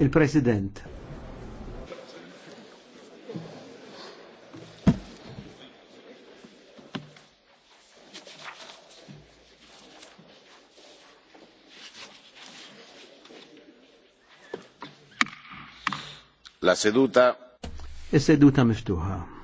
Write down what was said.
il-President. La seduta. Is-seduta miftuħa.